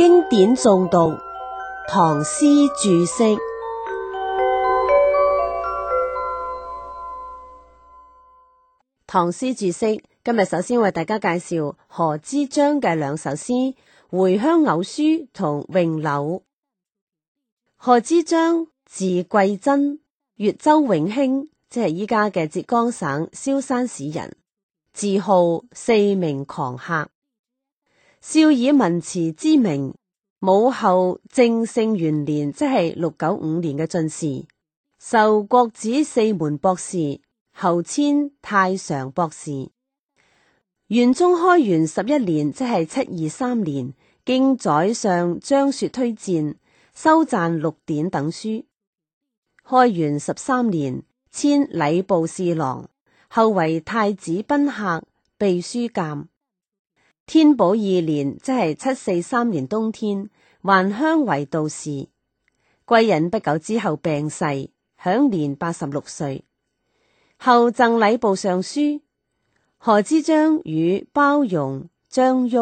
經典誦讀，唐詩注釋。唐詩注釋，今日首先為大家介紹賀知章嘅兩首詩《回鄉偶書》同《詠柳》。賀知章，字季真，越州永興，即係依家嘅浙江省蕭山市人，自號四明狂客。少以文辭知名，武後正聖元年，即係六九五年嘅進士，受國子四門博士，後遷太常博士。元宗開元十一年，即係七二三年，經宰相張說推薦，修撰六典等書。開元十三年，遷禮部侍郎，後為太子賓客、秘書監。天寶二年，即係七四三年冬天，還鄉為道士。歸隱不久之後病逝，享年八十六歲。後贈禮部尚書。賀知章與包融、張旭、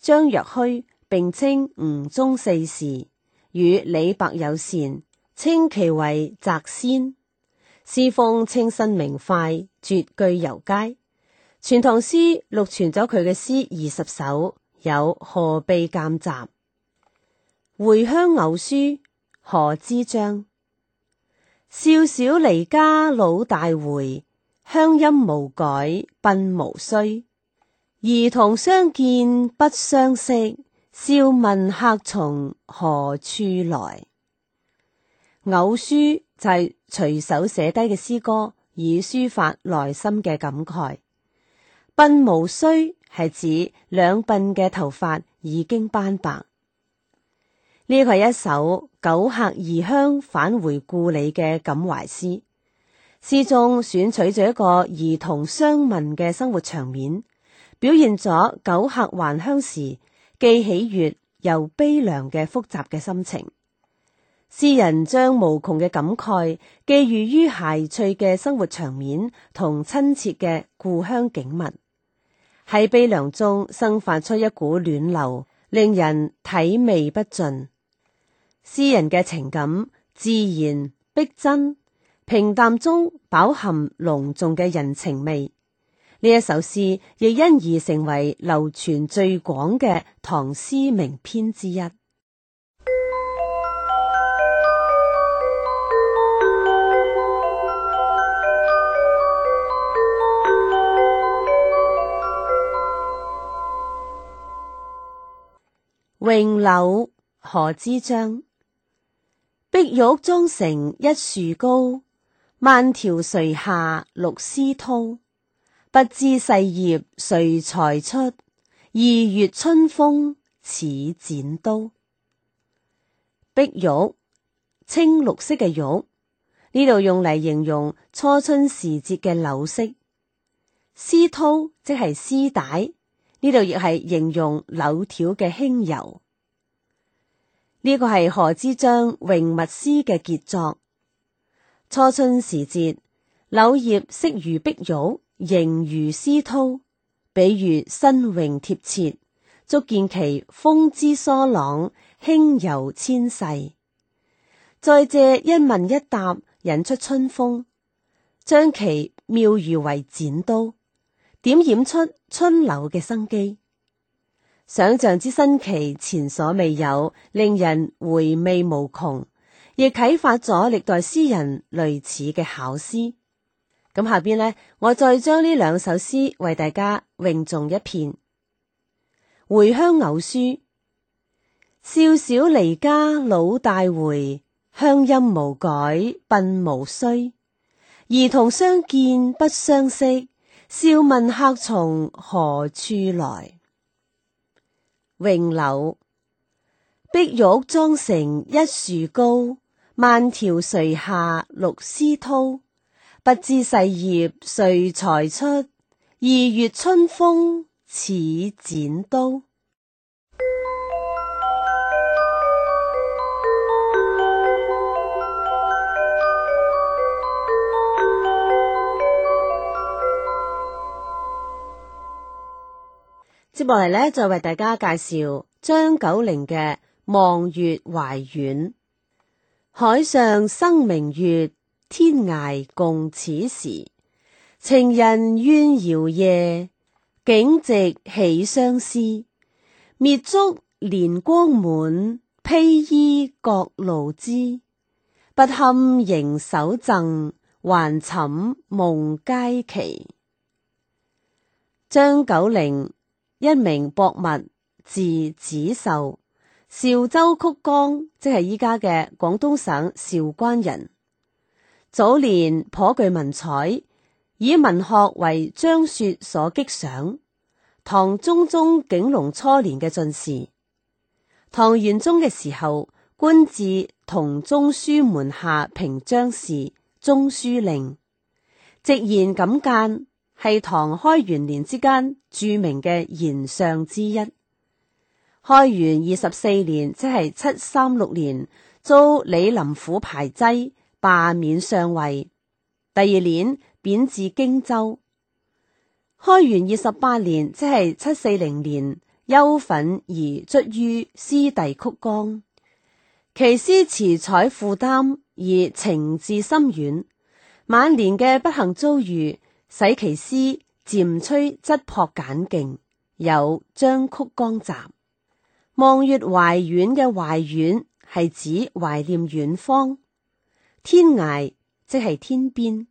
張若虛並稱吳中四士，與李白友善，稱其為謫仙。詩風清新明快，絕句尤佳。全唐詩錄傳咗佢嘅詩二十首，有《賀秘監集》《回鄉偶書》《賀知章》。少小離家老大回，鄉音無改鬢無衰。兒童相見不相識，笑問客從何處來。偶書就係、是、隨手寫低嘅詩歌，以抒發內心嘅感慨。鬢毛衰係指兩鬢嘅頭髮已經斑白。呢個係一首久客異鄉返回故里嘅感懷詩。詩中選取咗一個兒童相問嘅生活場面，表現咗久客還鄉時既喜悦又悲涼嘅複雜嘅心情。詩人將無窮嘅感慨寄寓於諧趣嘅生活場面同親切嘅故鄉景物。喺悲涼中生發出一股暖流，令人體味不盡。詩人嘅情感自然逼真，平淡中飽含濃重嘅人情味。呢一首詩亦因而成為流傳最廣嘅唐詩名篇之一。詠柳，賀知章。碧玉妝成一樹高，萬條垂下綠絲絛。不知細葉誰裁出？二月春風似剪刀。碧玉，青綠色嘅玉，呢度用嚟形容初春時節嘅柳色。絲絛即係絲帶。呢度亦係形容柳條嘅輕柔。呢個係賀知章詠物詩嘅傑作。初春時節，柳葉色如碧玉，形如絲絛，比喻新穎貼切，足見其風姿疏朗、輕柔纖細。再借一問一答，引出春風，將其妙喻為剪刀。點染出春柳嘅生機，想象之新奇前所未有，令人回味無窮，亦啟發咗歷代詩人類似嘅巧思。咁下邊呢，我再將呢兩首詩為大家詠誦一遍。《回鄉偶書》：少小離家，老大回，鄉音無改鬢毛衰。兒童相見不相識。笑問客從何處來？詠柳，碧玉妝成一樹高，萬條垂下綠絲絛。不知細葉誰裁出？二月春風似剪刀。接落嚟咧，就為大家介紹張九齡嘅《望月懷遠》：海上生明月，天涯共此時。情人怨遙夜，竟夕起相思。滅燭憐光滿，披衣覺露滋。不堪盈手贈，還寢夢佳期。張九齡。一名博物，字子壽，韶州曲江，即係依家嘅廣東省韶關人。早年頗具文采，以文學為張說所激賞。唐中宗景龍初年嘅進士，唐玄宗嘅時候，官至同中書門下平章事、中書令，直言敢諫。係唐開元年之間著名嘅賢相之一。開元二十四年，即係七三六年，遭李林甫排擠，罷免上位。第二年貶至荊州。開元二十八年，即係七四零年，憂憤而卒於師弟曲江。其詩詞采負擔而情志深遠，晚年嘅不幸遭遇。使其詩漸吹質樸簡勁，有張曲江集望月懷遠。嘅懷遠係指懷念遠方天涯，即係天邊。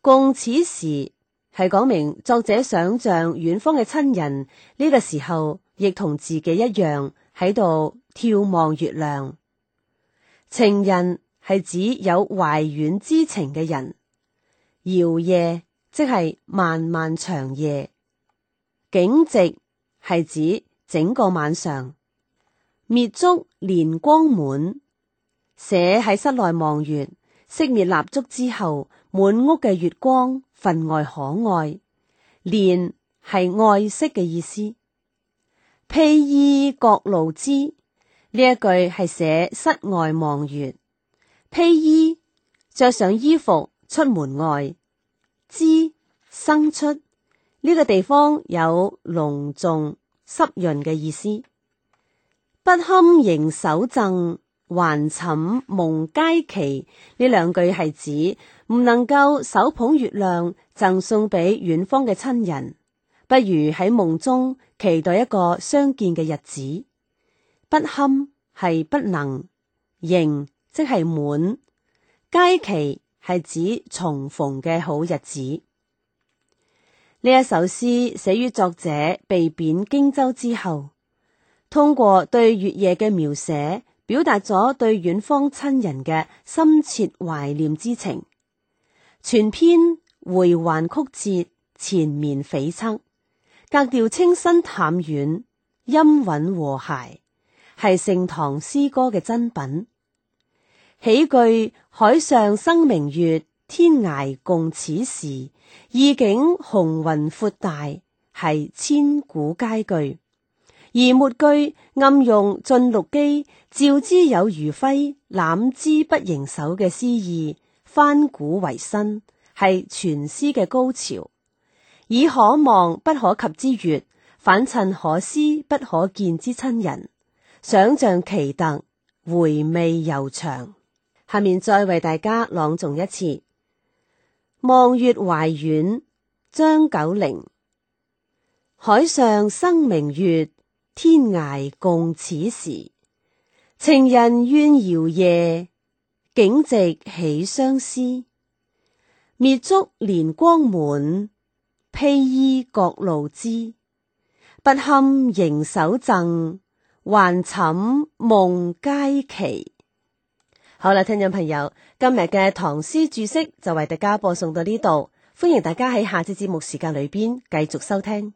共此時係講明作者想象遠方嘅親人呢個時候亦同自己一樣喺度眺望月亮。情人係指有懷遠之情嘅人。遙夜，即係漫漫長夜，景夕係指整個晚上。滅燭憐光滿，寫喺室內望月。熄滅蠟燭之後，滿屋嘅月光分外可愛。憐係愛惜嘅意思。披衣覺露滋，呢一句係寫室外望月。披衣着上衣服出門外。滋生出呢個地方有隆重濕潤嘅意思。不堪盈手贈，還寢夢佳期。呢兩句係指唔能夠手捧月亮贈送俾遠方嘅親人，不如喺夢中期待一個相見嘅日子。不堪係不能，盈即係滿，佳期。係指重逢嘅好日子。呢一首詩寫於作者被貶荊州之後，通過對月夜嘅描寫，表達咗對遠方親人嘅深切懷念之情。全篇回環曲折，纏綿悱惻，格調清新淡遠，音韻和諧，係盛唐詩歌嘅珍品。起句海上生明月，天涯共此時，意境雄渾闊大，係千古佳句。而末句暗用晉陸機《照之有餘輝，攬之不盈手》嘅詩意，翻古為新，係全詩嘅高潮。以可望不可及之月，反襯可思不可見之親人，想象奇特，回味悠長。下面再為大家朗誦一次《望月懷遠》，張九齡。海上生明月，天涯共此時。情人怨遙夜，竟夕起相思。滅燭憐光滿，披衣覺露滋。不堪盈手贈，還寢夢佳期。好啦，聽眾朋友，今日嘅唐詩注釋就為大家播送到呢度，歡迎大家喺下次節目時間裏邊繼續收聽。